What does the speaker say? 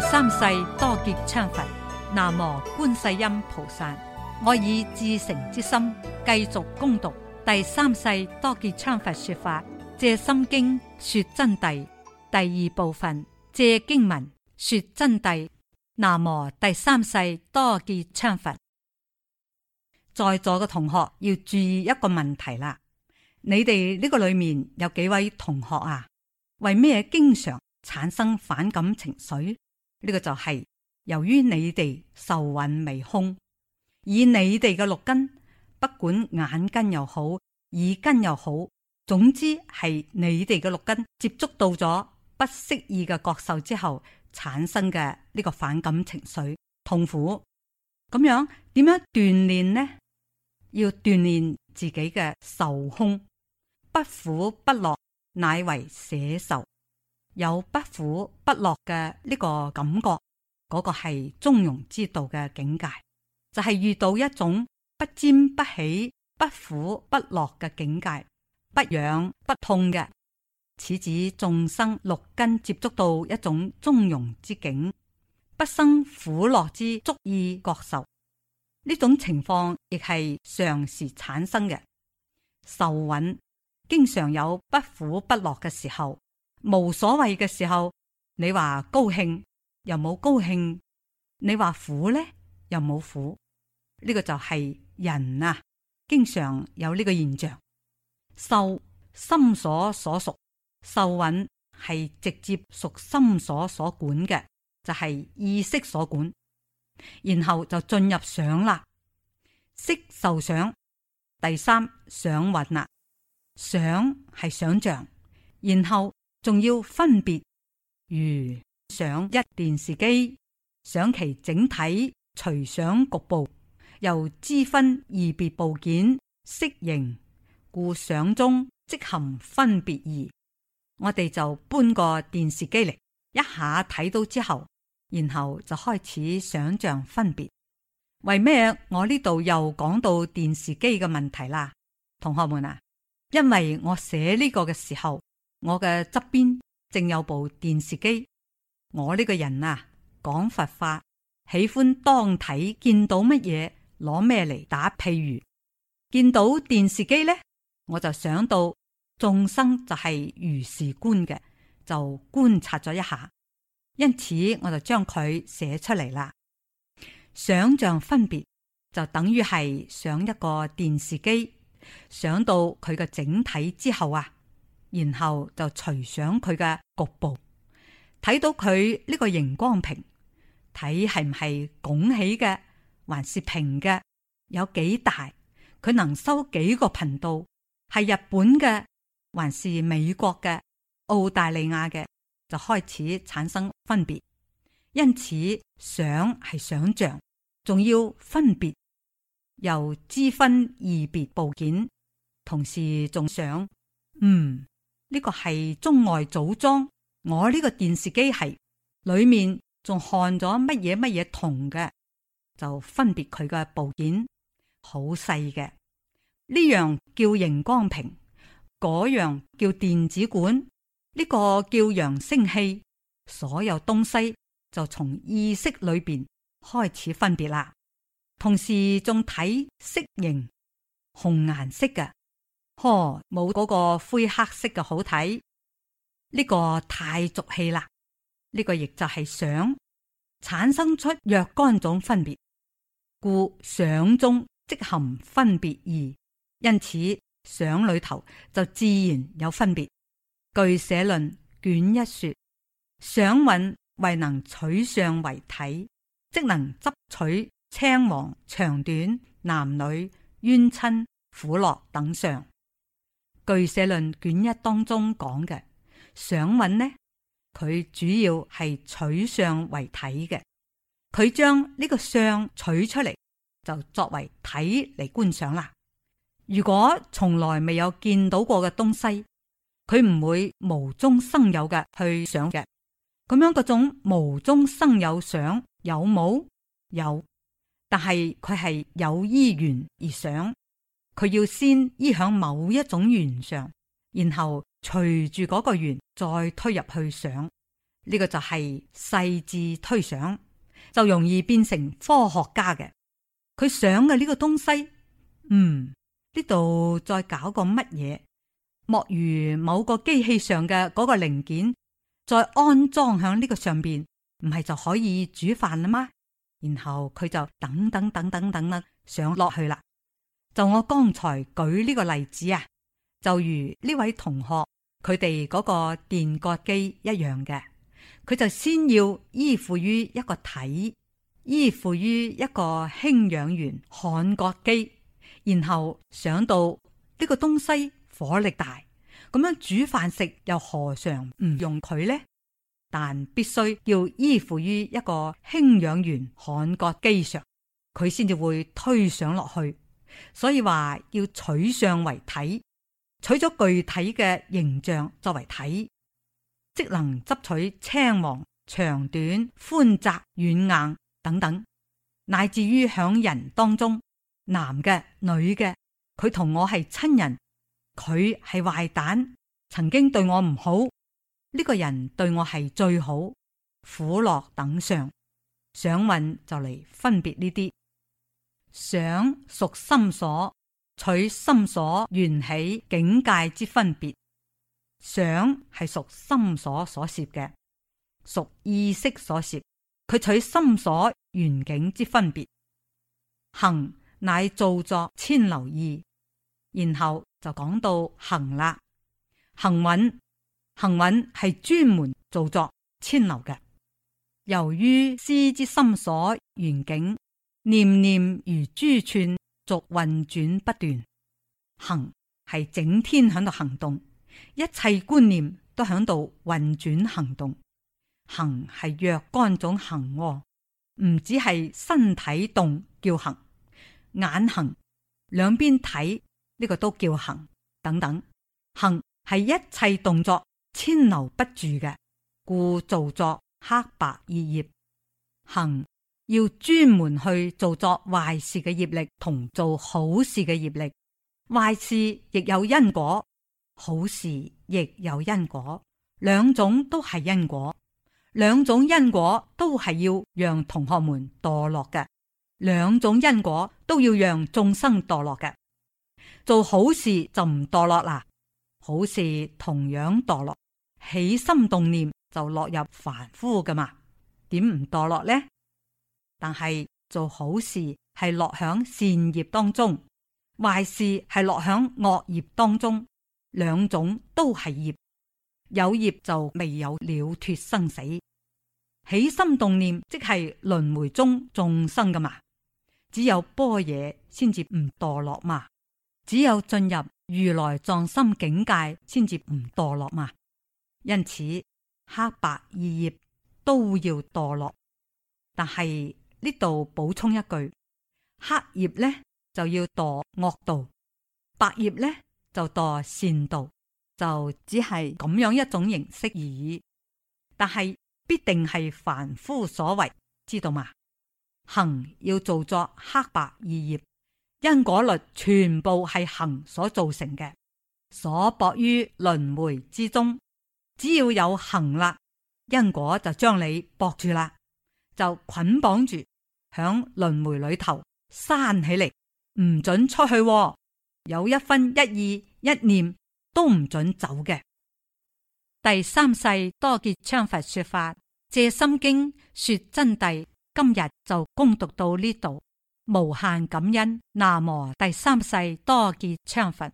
第三世多杰羌佛，南無觀世音菩薩。我以至誠之心繼續恭讀第三世多杰羌佛說法，藉心經說真諦第二部分，藉經文說真諦。南無第三世多杰羌佛，在座嘅同學要注意一個問題啦。你哋呢個裏面有幾位同學啊？為咩經常產生反感情緒？呢個就係、是、由於你哋受蘊未空，以你哋嘅六根，不管眼根又好，耳根又好，總之係你哋嘅六根接觸到咗不適宜嘅覺受之後，產生嘅呢個反感情緒痛苦。咁樣點樣鍛煉呢？要鍛煉自己嘅受空，不苦不樂，乃為捨受。有不苦不樂嘅呢個感覺，嗰、那個係中庸之道嘅境界，就係、是、遇到一種不沾不起、不苦不樂嘅境界，不癢不痛嘅，此指眾生六根接觸到一種中庸之境，不生苦樂之足以覺受。呢種情況亦係常時產生嘅，受蘊經常有不苦不樂嘅時候。無所謂嘅時候，你話高興又冇高興，你話苦呢又冇苦，呢、呢個就係人啊，經常有呢個現象。受心所所屬受蘊係直接屬心所所管嘅，就係、是、意識所管，然後就進入想啦，識受想第三想蘊啊，想係想、想象，然後。仲要分別，如想一電視機，想其整體、除想局部，由知分二別部件，適應故想中即含分別二。我哋就搬個電視機嚟，一下睇到之後，然後就開始想象分別。為咩？我呢度又講到電視機嘅問題啦，同學們啊，因為我寫呢個嘅時候。我嘅側邊正有部電視機。我呢個人啊，講佛法，喜歡當體見到乜嘢，攞咩嚟，打。譬如見到電視機呢，我就想到眾生就係如是觀嘅，就觀察咗一下。因此我就將佢寫出嚟啦。想象分別就等於係想一個電視機，想到佢嘅整體之後啊。然後就除上佢嘅局部，睇到佢呢個熒光屏，睇係唔係拱起嘅，還是平嘅，有幾大，佢能收幾個頻道，係日本嘅，還是美國嘅，澳大利亞嘅，就開始產生分別。因此，想係想象，仲要分別，由知分異別部件，同時仲想，嗯。呢個係中外組裝，我呢個電視機係裏面仲看咗乜嘢乜嘢銅嘅，就分別佢嘅部件，好細嘅。呢樣叫熒光屏，嗰樣叫電子管，呢個叫揚聲器，所有東西就從意識裏邊開始分別啦。同時仲睇色形，紅顏色嘅。呵，冇嗰個灰黑色嘅好睇，呢、這個太俗氣啦。呢、這個亦就係想產生出若干種分別，故想中即含分別義，因此想裏頭就自然有分別。據舍論卷一說，想蘊為能取相為體，即能執取青黃、長短、男女、冤親、苦樂等相。巨舍論卷一當中講嘅想蘊呢，佢主要係取相為體嘅，佢將呢個相取出嚟就作為體嚟觀賞啦。如果從來未有見到過嘅東西，佢唔會無中生有嘅去想嘅。咁樣嗰種無中生有想有冇有？有，但係佢係有依緣而想。佢要先依響某一種圓上，然後隨住嗰個圓再推入去想，呢個就係細緻推想，就容易變成科學家嘅。佢想嘅呢個東西，嗯，呢度再搞個乜嘢？莫如某個機器上嘅嗰個零件，再安裝響呢個上邊，唔係就可以煮飯啦嗎？然後佢就等等等等等啦，上落去啦。就我剛才舉呢個例子啊，就如呢位同學佢哋嗰個電割機一樣嘅，佢就先要依附於一個體，依附於一個氫氧源焊割機，然後想到呢個東西火力大，咁樣煮飯食又何嘗唔用佢呢？但必須要依附於一個氫氧源焊割機上，佢先至會推上落去。所以話要取相為體，取咗具體嘅形象作為體，即能執取青黃、長短、寬窄、軟硬等等，乃至於響人當中，男嘅、女嘅，佢同我係親人，佢係壞蛋，曾經對我唔好，呢、這個人對我係最好，苦樂等相，想問就嚟分別呢啲。想屬心所，取心所緣起境界之分別。想係屬心所所攝嘅，屬意識所攝。佢取心所緣境之分別。行乃造作遷流義，然後就講到行啦。行蘊，行蘊係專門造作遷流嘅。由於思之心所緣境。念念如珠串，逐運轉不斷。行係整天響度行動，一切觀念都響度運轉行動。行係若干種行、哦，唔止係身體動叫行，眼行兩邊睇呢、這個都叫行，等等。行係一切動作，遷流不住嘅，故造作黑白二業行。要專門去做作壞事嘅業力同做好事嘅業力，壞事亦有因果，好事亦有因果，兩種都係因果，兩種因果都係要讓同學們墮落嘅，兩種因果都要讓眾生墮落嘅。做好事就唔墮落啦，好事同樣墮落，起心動念就落入凡夫㗎嘛，點唔墮落呢？但係做好事係落響善業當中，壞事係落響惡業當中，兩種都係業，有業就未有了脫生死。起心動念即係輪回中眾生㗎嘛，只有般若先至唔墮落嘛，只有進入如來藏心境界先至唔墮落嘛。因此黑白二業都要墮落，但係，呢度補充一句，黑業咧就要墮惡道，白業咧就墮善道，就只係咁樣一種形式而已。但係必定係凡夫所為，知道嘛？行要做作黑白二業，因果律全部係行所造成嘅，所縛於輪回之中，只要有行啦，因果就將你縛住啦。就捆綁住響輪回裏頭閂起嚟，唔准出去，哦，有一分一意一念都唔准走嘅。第三世多杰羌佛說法《藉心經》說真諦，今日就恭讀到呢度，無限感恩。南無第三世多杰羌佛。